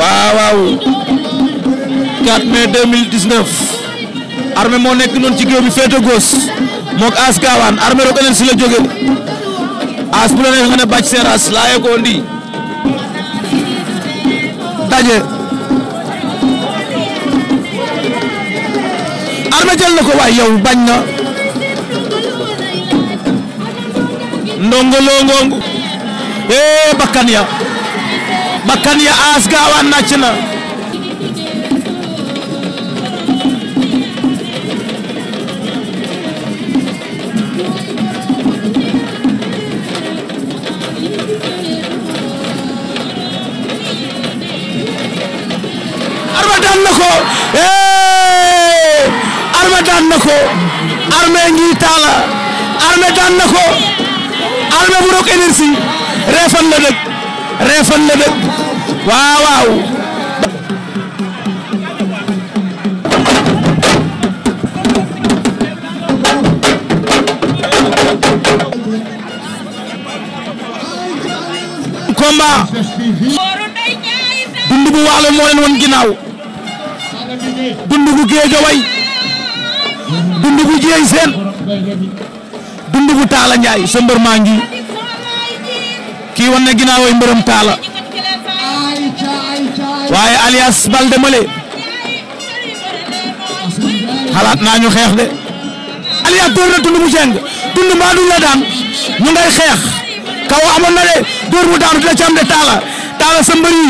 waaw waaw 4 mai 2019 armée moo nekk noonu ci géew bi féete gos moog As Gawane armée rek si la jóge As bu la neex nga ne bàcc daje armée jël na ko waay yow bañ na ndongo loo bakkan ya bakkan ya aas gaawaan nàcc na daan na ko hee arma daan na ko arme ngi taala arme daan na ko arme bu rok énergie reefan la dëkk reefan la dëkk waaw waaw combat bu waalo moo leen woon ginnaaw dund bu géej a way dund bu seen dund taala njaay sa maa ngi kii wan na ginnaaw taala waaye alias Balde Male xalaat naa ñu xeex de alias door na tund mu jeng tund mbaa duñ la daan ñu ngay xeex kaw amoon na de door mu daanu dina ci am de taala taala sa mbër yi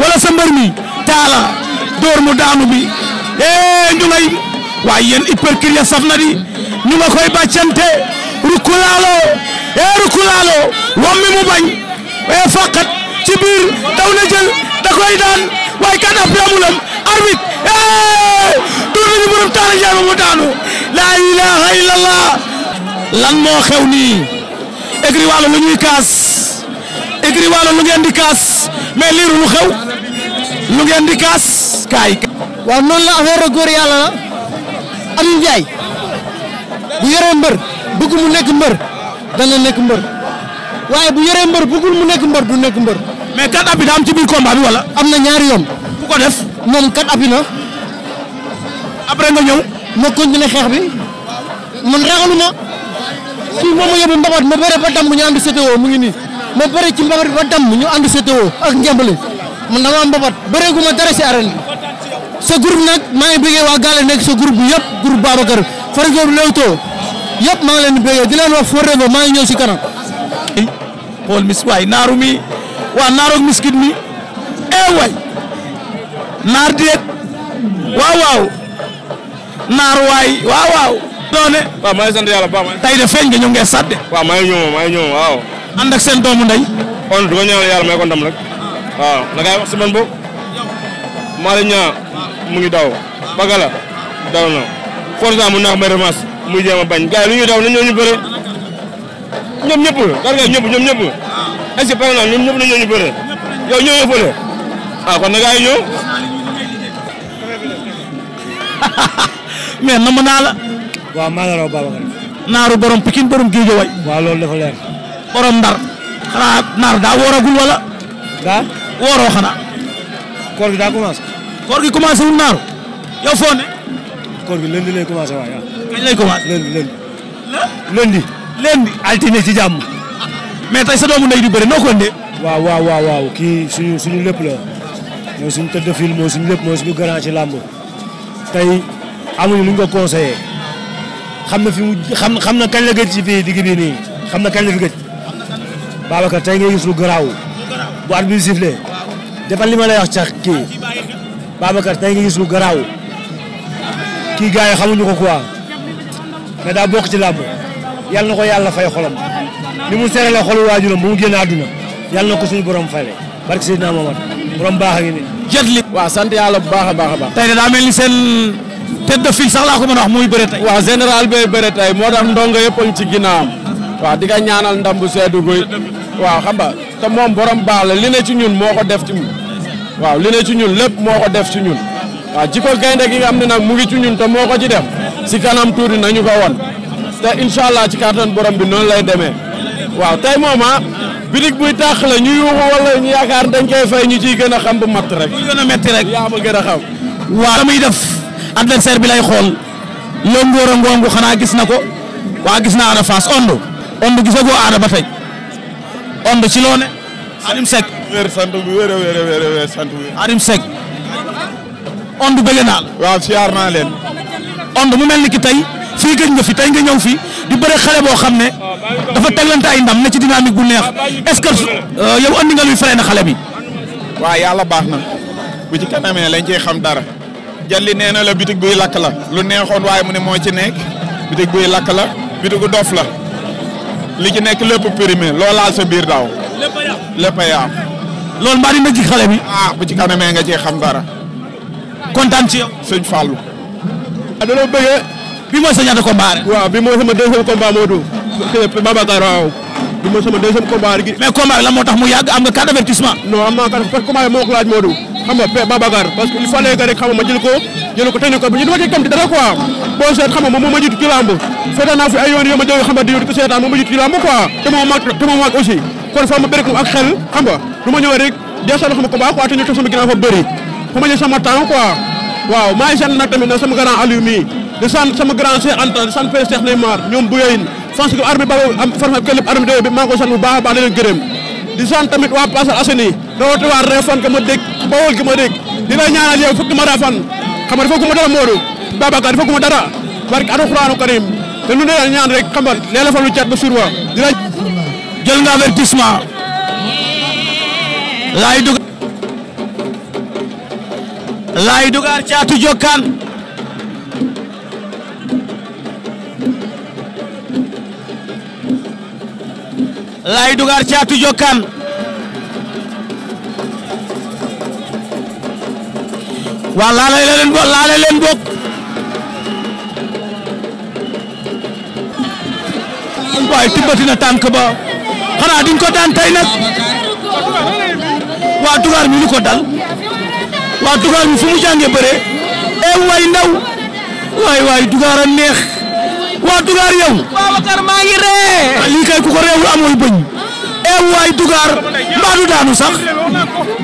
wala mi taala door mu daanu bi ee ñu ngay waaye yéen hypercure saf na di ñu nga koy bàccante rukkulaalo ee rukkulaalo wam mi mu bañ ee faqat ci biir daw na jël da koy daan waaye kanam bi amulam arbitre eh tur nañu borom taala jaay ma mu daanu la ilaha illallah lan moo xew nii écrit wàllu lu ñuy kaas écrit wàllu lu ngeen di kaas mais liiru lu xew lu ngeen di kaas kaay waaw noonu la affaire góor yàlla la am njaay bu yoree mbër bëgg mu nekk mbër dana nekk mbër waaye bu yoree mbër bëggul mu nekk mbër du nekk mbër mais kat appui daa ci biir combat bi wala. am na ñaari yoon. ku ko def moom kat appui na. après nga ñëw. ma continuer xeex bi man ragalu ma kii moom ma yóbbu mbabat ma bëre ba damm ñu ànd CTO mu ngi nii ma bëre ci mbabat ba damm ñu ànd CTO ak njambale man dama am mbabat bëre gu ma si arène sa groupe nag maa ngi bëggee waa Gale nekk sa groupe bi yëpp groupe Babacar Farigo Leewtoo yëpp maa ngi leen di bëggee di leen wax Forever maa ngi ñëw si kanam. xool mis waay waa naaroog miskit mi ee eh, naar déet waaw naar waay waaw waaw doone waaw maa ngi sant yàlla baax tay de feeñ nga ñëw ngeen sàdde waaw maa ngi ñëw waaw ànd ak seen doomu ndey kon du ko ñaanal yàlla rek waaw na ngay wax si man boobu Malick mu ngi daw Bagala daw na Forza mu naax may revanche muy jéem a bañ gars lu ñuy daw na ñoo ñu bëre ñoom ñëpp garga est ce que pare na ñun ñëpp nañu ñu bëre yow ñëw ñu bëre ah kon nag ay ñëw. mais naa la. maa ngi raw Babacar. naaru borom Pikine borom Géejo way. waaw loolu dafa borom Ndar. xanaa naaru daa wooragul wala. daa. wooroo xanaa. koor gi daa commencé. koor gi commencé wul naaru. yow foo ne. koor gi lundi lay commencé waaye waaw. kañ lay altine ci jàmm. mais tey sa doomu ndey di bëre noo ko waaw waaw waaw waaw kii suñu suñu lépp la mooy suñu tëdd film mooy suñu lépp mooy suñu grand ci làmb tey amuñu luñ ko conseillé xam na fi mu xam xam na kañ la gëj ci fii digg bii nii xam na kañ la fi gëj Babacar tey ngay gis lu garaaw bu at bi sifflé defal li ma lay wax cax kii Babacar tey ngay gis lu garaaw kii gars yi xamuñu ko quoi mais daa bokk ci làmb yàlla na ko yàlla fay xolam. di mu seere la xolu waajuram bu mu génn àdduna yàlla na ko suñu borom fale barke Seydina Mohamad borom baax a ngi ni jet li waaw sant yàlla bu baax a baax a baax tey daa ni seen tête de file sax laa ko mën a wax muy bëre tey waaw général bay bëre tey moo tax ndongo yëpp a ngi ci ginnaawam waaw di ka ñaanal ndam bu seddu guy waaw xam nga te moom borom baax la li ne ci ñun moo ko def ci ñun waaw li ci ñun lépp moo def ci ñun waaw jikko gaynde gi nga xam ne nag mu ngi ci ñun te moo ko ci def si kanam tuuti nañu ko won te incha allah ci kàttan borom bi noonu lay demee waaw tey moom ah buy tàq la ñu yuuxu wala ñu yaakaar dañ ñu ciy gën a xam mat rek. bu gën a metti a xam. waaw la muy def adversaire bi lay xool lëngoor a ngongu xanaa gis na ko waa gis naa Ada Fass Onde Onde gisagoo Ada ba tey Onde ci loo ne Arim Seck wér sant bu wér wér sant bu Arim Seck Onde bëgg waaw siyaar naa leen Onde mu mel ni tey fii gëj nga fi tey nga ñëw fi di bëre xale boo xam ne dafa teglante ay ndam ne ci dynamique bu neex est-ce que euh, yow andi nga luy fere na xale bi. waaw yàlla baax na bu ci kanamee lañ ciy xam dara. Jalli nee na la bitig buy lakk la. lu neexoon waaye mu ne moo ci nekk bitig buy lakk la bitigu dof la li ci nekk lépp périmé loo laal sa biir daaw. lépp a yaam loolu mbaa dina ci xale bi. ah bu ci kanamee nga ciy xam dara. kontaan ci yow. sëñ Fallou. ah bi mooy sa ñaata combat rek. waaw bi mooy sama deuxième combat Modou. Babacar waaw. bi mooy sama deuxième combat rek. mais combat bi la moo tax mu yàgg am nga carte d'avertissement. non am naa carte parce que combat bi moo ko laaj Modou. xam nga pe Babacar parce que il fallait que rek xam nga ma jël ko jël ko teg ko ñu dama ci kam di dara quoi boo seet xam nga moom moo ma jiitu ci lamb seetaan naa fi ay yoon yoo ma jow xam nga di ko seetaan moom ma jiitu ci lamb quoi te moom mag te moom mag aussi kon fa ma bëri ko ak xel xam nga du ma ñëwee rek deesal xam nga ko baax quoi te ñu toog sama ginnaaw fa bëri fu ma jël sama temps quoi waaw maa ngi sant nag tamit na sama grand Aliou mii di sant sama grand Cheikh Anta di sant père Cheikh Neymar ñoom bu yooyin sant ko armée ba am formé këlëb armée dayoo bi maa ngi ko sant bu baax a baax di leen gërëm di sant tamit waa Parcelles Assainies rawati waa Réfane ka ma dégg Bawol ki ma dégg di la ñaanal yow ma daa fan xam nga defoo dara Modou Babacar defoo ko ma dara barke alxuraanu karim te lu ne ñaan rek xam leela fa lu cat ba suur wa di la jël nga avertissement lay dugar caatu jokkaan waa laale leen bokk laale leen bokk waaye tibbati na tànk ba xanaa ko daan tey nag waa mi lu ko dal waa dugar mi fu mu bëre e way ndaw waay waay dugar a waa Dugar yow. Babacar maa ngi ree. Ah, lii kay ku ko réewul amul bëñ. eew eh, waay Dugar mbaa daanu sax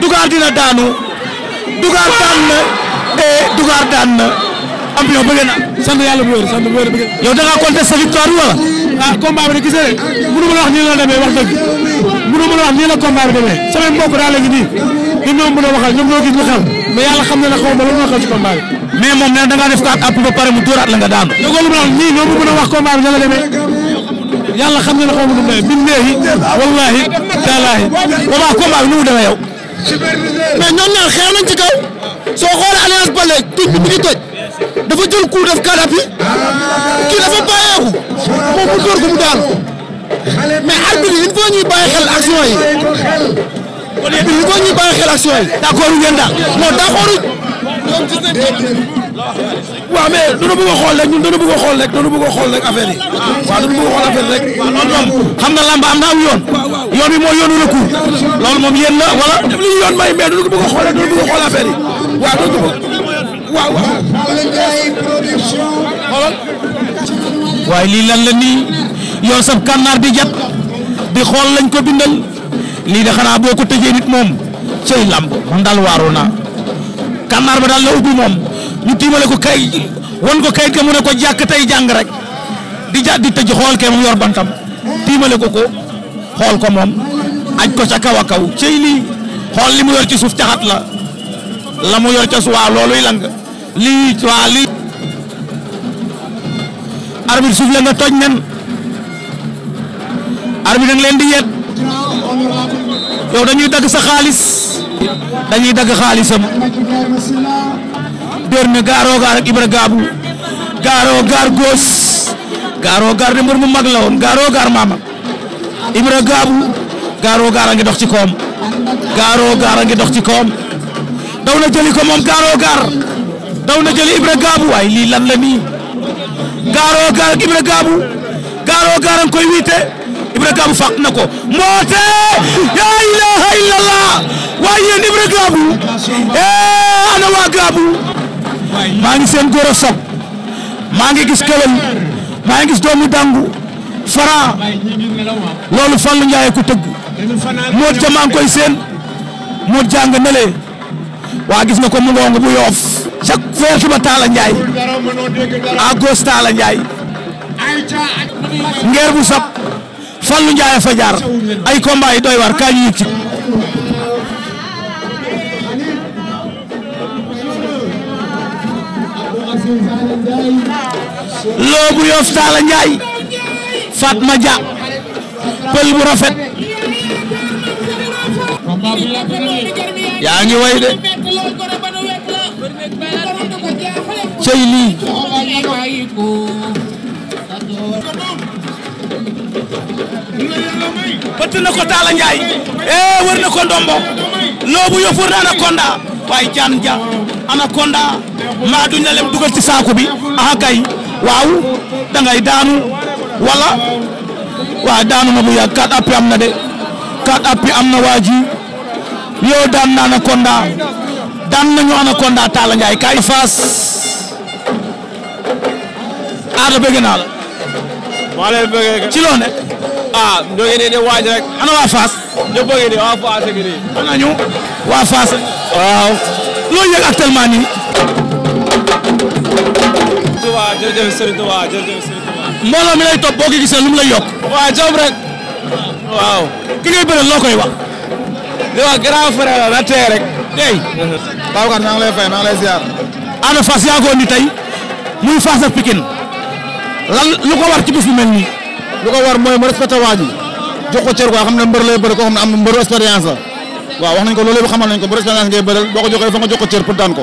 Dugar dina daanu. Dugar daan na. eh Dugar daan na. am yow bëgg na sant yàlla bu wér sant bu wér bëgg yow da ngaa compter sa victoire wala. ah combat bi de gis nga de mënu ma la wax nii la demee wax dëgg mënu ma la wax nii la combat bi demee sama mbokk daal la ñu nii ñun ñoom mën a waxal ñoom ñoo gis ñu ma yàlla xam na ne xaw ma lan moo xew ci combat na da ngaa def mu dóoraat la nga daanu. déggoo mu mën a wax combat bi nga la demee yàlla xam na ne xaw ma nu mu demee billahi wallahi taalaahi waaw combat bi nu mu demee yow. mais soo xoolee alliance Baldé tuñ bi mu ngi toj dafa jël coup def kadapi kii dafa bàyyeeku mu dóor ko mu daanu mais arbitre yi il faut ñuy bàyyi xel action yi. kon yéen ñu ko ñu bàyyi xel action yi. d' daal non d' accord. waaw mais dana bëgg a xool rek ñun dana bëgg a xool rek dana bëgg a xool rek affaire yi waaw dana bëgg xool affaire rek. xam nga lamba am na am yoon. yoon bi mooy yoonu recours. loolu moom yéen la wala. li ñu yoon may a xool rek a xool ko waaw waaye lii lan la nii yow sab kànnaar di jat di xool lañ ko bindal. lii de xanaa boo ko tëjee nit moom cey lamb man daal waaru kànnaar ba daal la ubbi moom ñu tiimale ko kay won ko kayit ka mu ne ko jàkk tey jàng rek di ja di tëj xool ke moom yor bantam tiimale ko ko xool ko moom aj ko ca kaw a kaw cey lii xool li mu yor ci suuf caxat la la mu yor ca suwaa looluy lang lii waa lii arbitre suuf la nga toj nen arbitre nag leen di yet yow dañuy dagg sa xaalis dañuy dagg xaalisam dóor na gaaroo gaar ak Ibra Gaabu gaaroo gaar góos gaaroo gaar de mbër mu mag la woon gaaroo gaar maama Ibra Gaabu gaaroo gaar a ngi dox ci koom gaaroo gaar a ci koom daw na jëli ko moom gaar daw na jëli Ibra Gaabu waaye lii lan la nii gaar Ibra Gaabu gaaroo gaar a ngi koy Ibra Gabou fàq na ko mboote yaa ilaha illallah eh, ana waa Gabou maa ngi seen góor a maa ngi gis këlëm maa ngi gis doomu dangu fara loolu Fallou Ndiaye ku tëgg moo jamaa ngi koy seen moo jàng ne le waa gis na ko mu ngoongu bu yoof chaque verte ba Talla Ndiaye à gauche Talla ngeer bu sap Fallou Ndiaye fa jaar ay combat yi doy war ka ñu ci loobu yof taala Ndiaye Fatma Dia pël bu rafet yaa ngi way de cey lii bëtt na ko Talla Ndiaye eh, wër na ko ndombo loobu yëfuur na anaconda waaye jaan ja anaconda maa duñ la lem dugal ci saako bi aha kay waaw da daanu wala waaw daanu na bu yàgg kat appi am na de kat appi am na waa ji daan na anaconda daan nañu anaconda Talla Ndiaye kay faas aada bëgg naa la maa leen bëggee ci loo ne. ah ñoo ngi nii di waaj rek. ana waa Fass. ñëpp a ngi waa Fass waaw. loo yëg actuellement nii. Touba jërëjëf mi lay topp boo ko gisee lu mu yokk. waaw jom rek. waaw. ki ngay bëre loo koy wax. li wax na tey rek. tey. Babacar maa ngi lay fay maa ngi lay ziar. ana Fass yaa ngi tey muy Fass ak Pikine. lan lu ko war ci bis bu mel nii. lu ko war mooy mu respecté waa ji jox ko cër quoi xam ne mbër lay bëri koo xam ne am mbëru expérience la waaw wax nañ ko loolu yëpp xamal nañ ko mbëru expérience ngay bëral boo ko joxee fa nga jox ko cër pour daan ko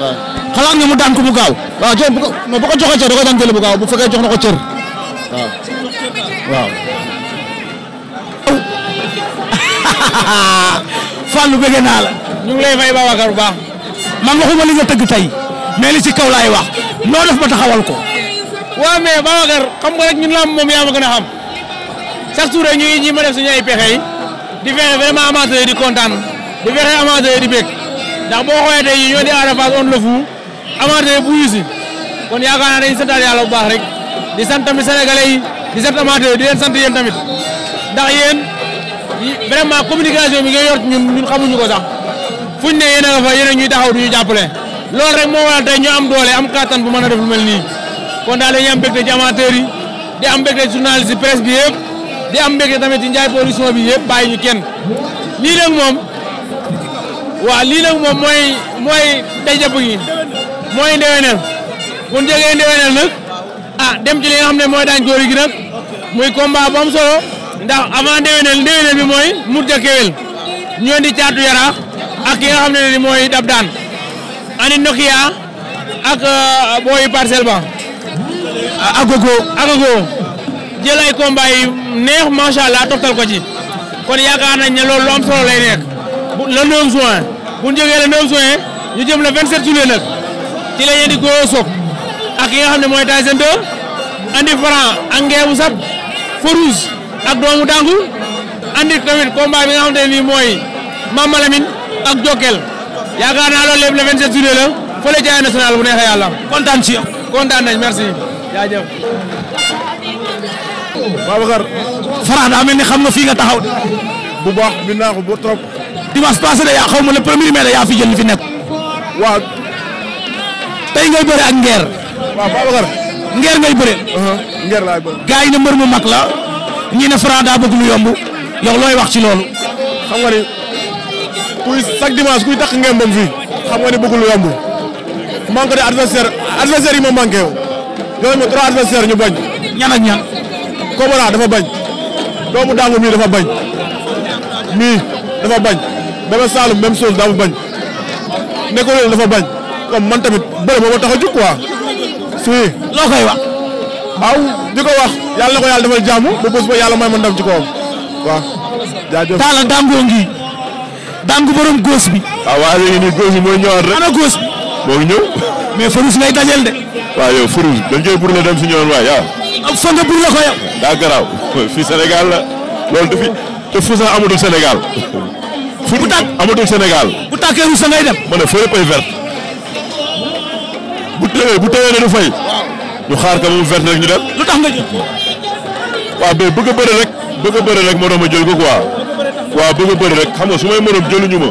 waaw. xalaat nga mu daan ko bu gaaw. waaw jox bu ko bu ko joxee cër da koy daan jëlee bu gaaw bu fekkee jox na ko cër waaw waaw. Fallou bëgg naa la. ñu ngi lay fay Babacar bu baax. man waxuma li nga tëgg tey mais li ci kaw laay wax noo def ba taxawal ko. waaw mais Babacar xam nga rek ñun lamb moom yaa ma gën a xam chaque jour rek ñuy ñi ma def suñu ay pexe yi di fexe vraiment amateur yi di kontaan di fexe yi di bég ndax boo xoolee tey ñoo di Ada Fass le fou yi bu yusi kon yaakaar naa bu baax di sant tamit sénégalais yi di sant amateur yi di leen sant yéen tamit ndax yéen vraiment communication bi nga yor ñun ñun xamuñu ko sax fuñ ne yéen a fa yéen ñuy taxaw du ñu jàppale loolu rek moo waral tey ñu am doole am kattan bu mën a def lu mel nii. kon daal dañuy am mbégte ci amateurs di am mbégte ci journaliste presse bi yëpp di am mbégte tamit ci Ndiaye production bi yëpp bàyyi ñu kenn lii nag moom waaw lii nag moom mooy mooy dajab gi mooy ndewenal bu ñu jógee ndewenal nag ah dem ci li nga xam ne mooy daañu góor gi muy combat bu solo ndax avant ndewenal ndewenal bi mooy Mouta Kewel ñoo di caatu yaraax ak ki nga ne mooy dab daan ani Nokia ak euh, booyu parcelle agogo agogo jël ay combat yi neex macha allah toftal ko ci kon yaakaar nañ ne loolu lu am solo lay nekk le 9 juin bu ñu jógee le 9 ñu jëm la 27 juillet nag ci la ñuy ak yi nga xam ne mooy Tyson 2 andi Franc ak Ngeebu Sab Farouz ak doomu Dangu andi tamit combat bi nga xam ne nii mooy Mama Lamine ak Jokkel yaakaar naa loolu lépp le 27 juillet la fële ca bu neexee yàlla kontaan ci kontaan nañ merci. jaajëf. Babacar. ni xam nga fii nga taxaw de. bu baax bi naa ko ba trop. dimanche passé de yaa xaw ma le premier mai de yaa fi jël fi nekk. tey ngay bëre ak ngeer. waaw Babacar. ngeer ngay bëre. Uh-huh. ngeer laay bëre. mu mag la. ñii ne Franc daa bëgg lu yomb. yow looy wax ci loolu. xam nga ni kuy chaque dimanche kuy tax ngeen bam fii. xam nga ni bëgg lu yomb. manque de adversaire adversaire yi ma manqué yow. ñoo ma trois adversaires ñu bañ. ñan ak ñan. Kobra dafa bañ. doomu Dangu mii dafa bañ. mii dafa bañ. Bébé Saloum même chose dafa bañ. Neko Lô dafa bañ. comme man tamit bëre moo ma tax a jug quoi. si. loo koy wax. waaw di wax yàlla na ko yàlla defal jàmm bu bés ba yàlla may ma ndam ci kawam waaw. jaajëf Talla Dangu ngi. Dangu borom góos bi. waaw waaye léegi nii góos bi mooy ñëwaat rek. ana góos bi. moo ngi ñëw. mais Farouz ngay dajel de. waa yow furu dañ koy burle dem si ñoon waay waaw. foog nga burle ko yow. daa garaaw fii senegal la loolu dafi te fu sax amatul Sénégal. furu amatul Sénégal. bu tàkkee ruus ngay dem. ma ne foo yëpp ay vert. bu tëwee bu tëwee ne du fay. ñu xaar ka moom vert rek ñu dem. lu tax nga jël ko. waaw mais bëgg a bëri rek. bëgg a bëri rek moo tax ma jël ko quoi. waaw bëgg a bëri rek xam nga su may mënoon ñu ma.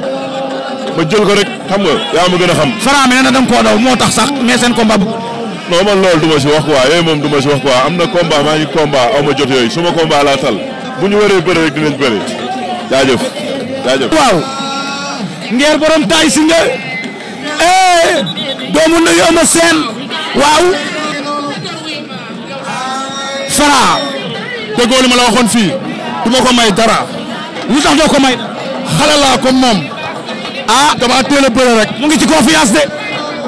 ma jël ko rek xam nga yaa ma gën a xam. Fara mi nee na da koo daw moo tax sax mais seen combat non man loolu du ma si wax quoi yooyu moom du ma si wax quoi am na combat maa ngi combat aw ma jot yooyu suma combat laa tal bu ñu waree bëri rek dinañ bëri jaajëf jaajëf. waaw. Ngeer borom taay si nga. Eh, doomu na yoon na seen. waaw. Fara. déggoo li ma la waxoon fii. du ma ko may dara. lu tax doo ko may. xale laa comme moom. ah dama teel a bëre rek. mu ngi ci confiance de.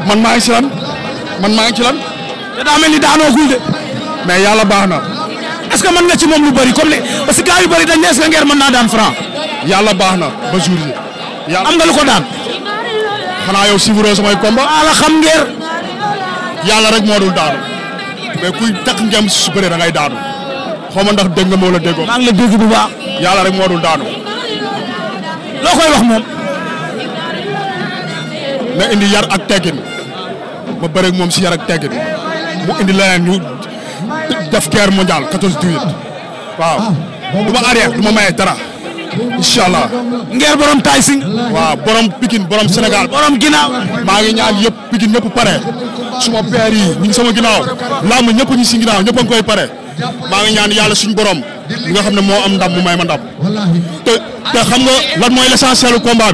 man maa ngi ci lan man maa ngi ci lan. te daa mel ni daanoogul de. mais yàlla baax na. est ce que mën nga ci moom lu bari comme ni parce que gars yu dañ ne est ce que ngeer mën naa daan franc. yàlla baax na ba jour bi. am nga lu ko daan. xanaa yow suivre samay combat. ala xam ngeer. yàlla rek moo dul daanu. mais kuy takk ngem su bëree da ngay daanu. xaw ma ndax dégg nga ma wala déggoo. maa ngi la dégg yàlla rek moo dul daanu. loo koy wax moom. na indi yar ak teggin ma bëreeg moom si yar ak teggin. mu indi leneen ñu def guerre mondiale 14 juillet waaw ah, du ma arrière du ma maye dara incha allah. ngeer borom Tyson. waaw borom Pikine borom Sénégal borom ginnaaw. maa ngi ñaan yëpp Pikine ñëpp pare suma père yi sama ginnaaw làmb ñëpp ñu si ginnaaw ñëpp ngi koy pare maa ngi ñaan yàlla suñ borom li nga xam ne moo am ndam mu may ma ndam te xam nga lan moo l'essentiel combat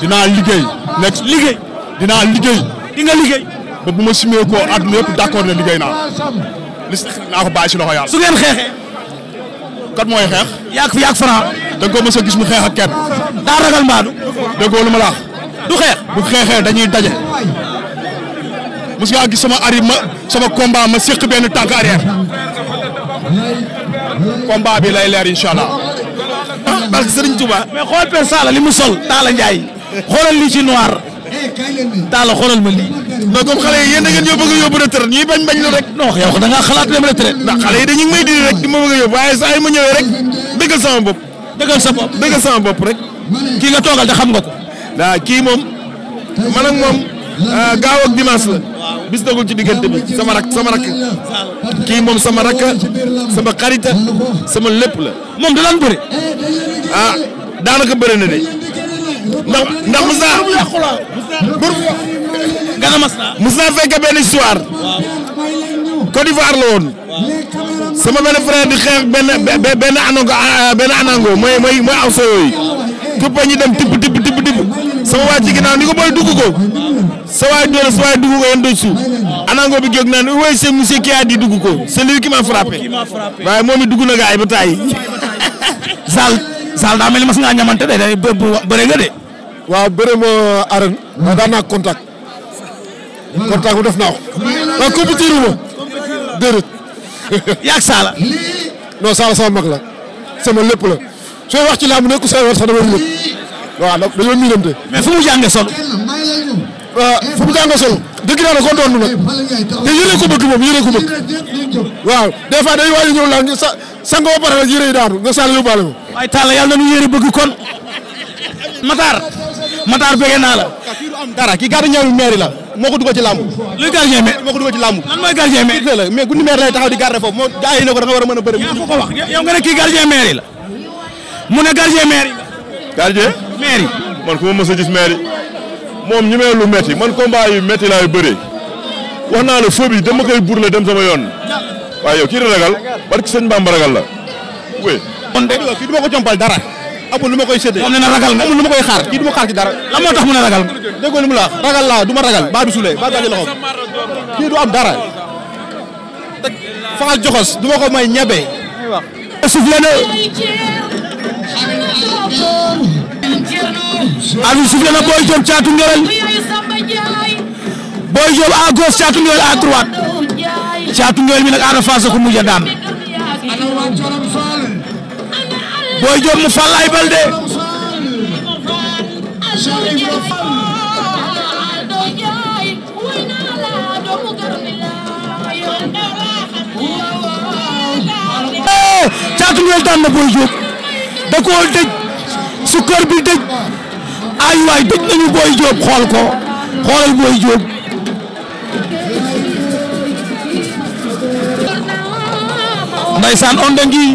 dinaa liggéey. nekk liggéey dinaa liggéey. ba bu ma simee koo àdduna yëpp d' accord ne liggéey naa li si loxo yàlla. su ngeen xeexee. mooy xeex. yàgg fi yàgg Franc. da gis mu xeex ak kenn. daa ragal mbaadu. déggoo lu ma la du xeex bu xeexee dañuy daje. mos ngaa gis sama ari ma sama combat ma séq benn tànk arrière. combat bi lay leer incha allah. ah parce que Serigne mais xool per Sala li mu sol. Talla Ndiaye. xoolal lii ci noir. Talla xoolal ma lii. non comme xale yi yéen da ngeen ñoo bëgg a yóbbu retraite ñuy bañ bañ la rek. da ngaa xalaat dem ndax saa yi ma kii nga toogal da xam nga ko. waaw kii moom man ak moom ah, gaaw ak dimanche la. bis dagul ci diggante bi sama rak sama rak kii moom sama rak sama xarita sama lépp la. moom da daan bëri. ah daanaka bëri na de. ndax ndax Moussa. gën a mas naa. mos naa fekk benn histoire. waaw Côte d'Ivoire sama benn frère di xeex benn benn benn anango benn mooy mooy mooy aw soo yooyu. ñu dem tipp tipp tipp tipp sama waa ci ginnaaw ni ko booy dugg ko. sa waay doole sa waay dugg bi jóg naan oui c'est monsieur qui a dit dugg ko c'est lui qui waaye moom it dugg na gaay ba taay. Zal Zal daa mel ni mas ngaa ñamante de day nga de. waaw bëre ma arène. Hmm. daan naa portable def naa ko. waaw ah, compétir wu ma déedéet. yaa saala. non saala sama mag la sama lépp la sooy wax ci làmb nekk sooy wax sax dama wut waaw donc dañoo miinante. mais fu mu jàngee solo. Ah, fu mu jàngee solo. dëgg naa ne ko doon nag te yëree ko bëgg moom yëree ko bëgg waaw sa sànq ba pare rek nga saal yóbbaale ma. waaye Talla bëgg kon Matar. Matar bëggee naa la. kii du am dara kii gardien la moo ko dugal ci làmb. luy moo ko dugal ci làmb. lan mooy gardien mairie la mais di garder foofu moo gars yi ne ko da nga war a mën a bëri. yaa ko ko wax yow nga ne kii gardien mairie la. mu ne gardien mairie man ku ma mës a gis mairie moom ñu may lu métti man combat yu métti laay bëree wax naa la phobie dama koy burle dem sama yoon waaye yow kii la ragal barki sëñ Bamba ragal la oui. kon de kii du ma ko jompal dara. amul lu ma koy séddee. moom nee na ragal nga amul lu ma koy xaar kii du ma xaar ci dara. lan moo tax mu ne ragal. déggoo li mu la ragal laa du ma ragal baa bi suulee baa bi du am dara. te joxos du ma ko may ñebe. suuf la na Boy Diop Thiatou Nguéweul Boy Diop à gauche Thiatou Nguéweul à droite Thiatou mi nag Ada Fass ko mujj a Boy Diop mu Falaye Baldé eh, Caatu Ngéwél daan na Boy Diop da dëj sukkër bi dëj ay waay dëj nañu Boy Diop xool ko xoolal Boy Diop ndaysaan onde ngi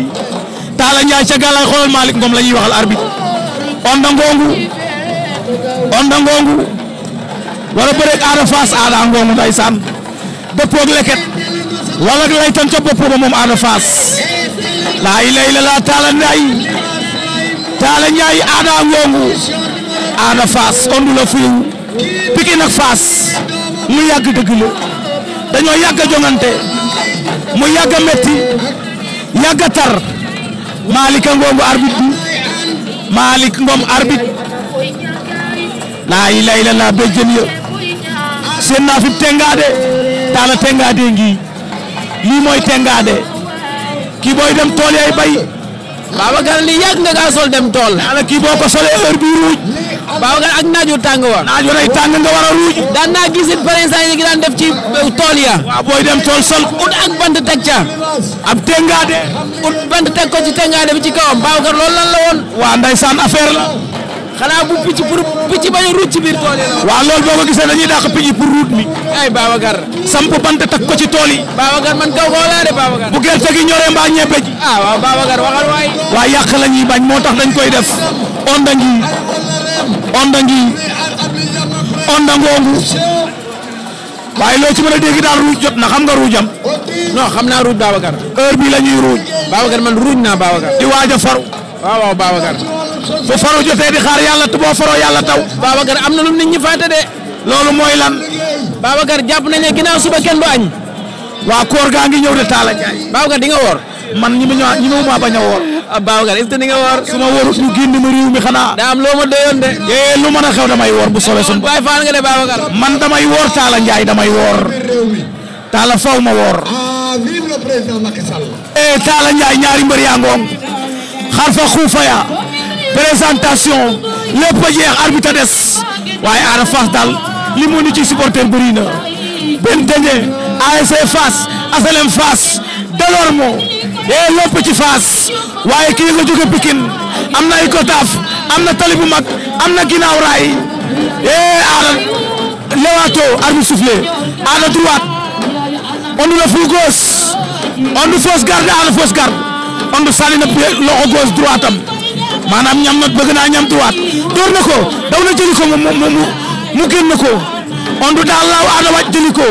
Talla Ndiaye ca gàllay xoolal Malick Ngom la ñuy waxal arbitre Onda Ngongu Onda Ngongu war a bëreeg Ada Fass Ada Ngongu ndeysaan dëppoo leket wala ak lay tan ca bopp ba moom Ada Fass laa ilaaha illallaah Talla Ndiaye Talla Ndiaye Ada Ngongu Ondu la fuyu Pikine ak Fass mu yàgg dëgg dañoo yàgg a joŋante mu yàgg a métti yàgg a tar Malick Ngom arbitre bi Malick Ngom arbitre laa ilaaha illallaah béjjën ya seen naa fi tengaade taala tengaade ngi lii mooy tengaade kii dem tool yaay bay Babacar li yàgg nga kaa dem tool ana ko solee heure Babacar ak naaj wu tàng wa. naaj wu day tàng nga war a ruuj. daan naa gis it pare saa yi daan def ci euh, tool ya. waaw booy dem tool ut ak bant teg ca. ab tengaade. ut bant teg ko ci tengaade bi ci kawam Babacar loolu lan la woon. waa ndeysaan affaire la. xanaa bu picc pour picc bañ a ruuj ci biir tool yi la. waaw loolu boo ko gisee dañuy dàq picc pour ruuj mi. ay Babacar. samp bant teg ko ci tool yi. Babacar man kaw koo laa de Babacar. bu gerte gi ñoree mbaa ñebe ji. Ah, waa yàq la ñuy bañ moo tax dañ koy def. onda ngi onda ngi onda waaye loo ci mën a daal ruuj jot na xam nga ruujam. non xam naa ruuj Babacar. heure bii la ñuy ruuj. Babacar man ruuj naa Babacar. di waaj faru. waaw waaw Babacar. bu faru jotee di xaar yàlla boo faroo yàlla taw. Babacar am na lu nit ñi fàtte de. loolu mooy lan. Babacar jàpp nañu ne ginnaaw suba kenn du añ. waa koor gaa ngi ñëw de Talla Ndiaye. Babacar di nga woor. man ñi ma ñëwaat ñi ma maa bañ a woor. a baaw nga est a que ni nga woor. su ma woorut ñu génn ma réew mi xanaa. daa am loo ma doyoon de. Eh, lu mën a xew damay woor bu soobee suñu. waaye man damay woor Talla Ndiaye damay woor. Talla faw ma woor. Ah, vive le président Macky Sall. eh ñaari mbër yaa ngoon. xar fa xuufaya. présentation. lépp a jeex arbitre des. waaye Ada Fass daal li ni ci supporter bëri na. benn dañe a e Fass. asalem Fass. Delorme. yee lépp ci waaye kii nga jóge Pikine am na Icotaf am na tali bu mag am na ginaaw raay yee eh, aada lewato arbitre soufflé aada droite ondu la fou gauche ondu fausse garde aada fausse garde ondu sànni na loxo gauche droite am maanaam ñam na bëgg naa ñam droite door na ko daw na jëli ko mu mu mu mu génn ko ondu daal laaw aada waaj jëli ko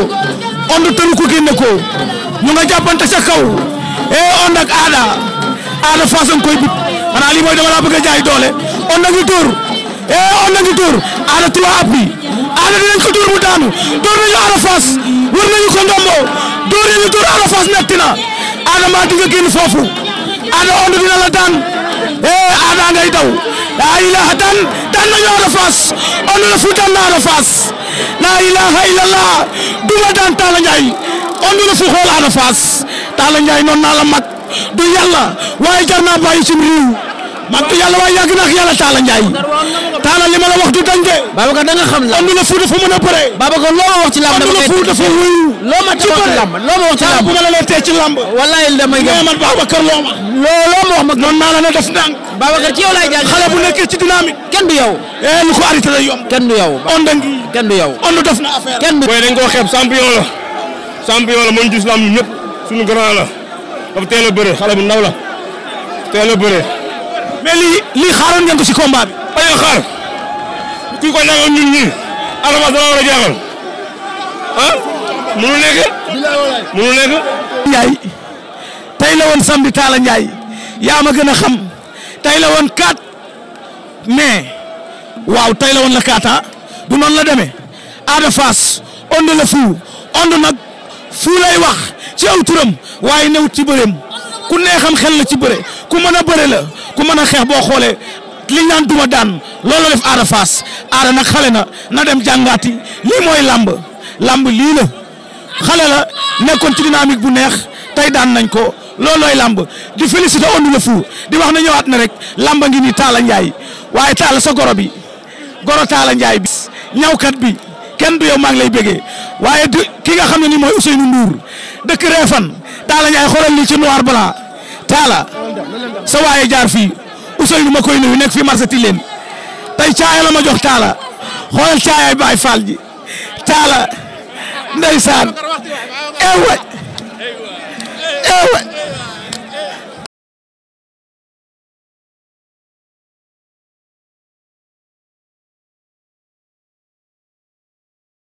ondu tëru ko génn ko ñu nga jàppante ca kaw. eh on aada aada façon koy but xanaa lii mooy dama la bëgg a jaay doole on a ngi dóor eh on a ngi dóor aada trois appui aada dinañ mu daanu dóor nañu aada faas war nañu ko ndombo dóor nañu dóor aada faas metti aada maa di nga génn foofu aada on dina la daan eh aada ngay daw laa ilaha daan daan nañu aada faas on fu daan na aada faas laa ilaha illallah duma daan taala njaay on fu xool aada Talla Ndiaye noonu naa la mag du yàlla waaye jar naa bàyyi suñu réew mag du yàlla waaye yàgg na ak yàlla Talla Ndiaye Talla li ma la wax du dañ de. Babacar da nga xam la andu la fuuta fu mën a bëree. Babacar loo ma wax ci làmb dama koy la fuuta fu wuyu. loo ma ci làmb loo ma wax ci làmb bu ma la lee tee ci làmb. wallaay damay gëm man ne def ndànk. Babacar ci yow laay jaajëfal xale bu nekkee ci dynamique. kenn du yow. eh lu ko arrêté lay yomb. kenn du yow. on da ngi kenn du yow. on def suñu grand la dafa teel a bëre bu ndaw la teel a bëre. mais lii lii xaaroon ngeen ko si combat bi. bañ a xaar ko jàngal a jàngal ah munu nekk. munu nekk. Ndiaye tey la woon samedi Talla Ndiaye waaw tey la la 4 ah. du noonu la demee Ada Fass Onde le fou nag. fu lay wax ci aw turam waaye newut ci bëreem ku neexam xel la ci bëre ku mën a bëre la ku mën a xeex boo xoolee liñ naan duma daan loolu def aada faas aada nag xale na na dem jàngaati lii mooy làmb làmb lii la xale la nekkoon ci dynamique bu neex tey daan nañ ko loolooy làmb di félicité Onde Le Fou di wax na ñëwaat na rek làmba ngi nii Talla Ndiaye waaye Talla sa goro bi goro Talla Ndiaye bi ñawkat bi kenn du yow la ngi lay waaye du ki nga xam ne ni mooy Ousseynou Ndour dëkk Réfane Talla Ndiaye xoolal lii ci noir blanc Talla sa waaye jaar fii Ousseynou ma koy nuyu nekk fi marché Tilène tey caaya la ma jox Talla xoolal caayaay Baay Faal ji Talla ndeysaan ewa ewa